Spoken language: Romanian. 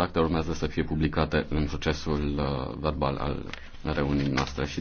Actele urmează să fie publicate în procesul uh, verbal al reuniunii noastre și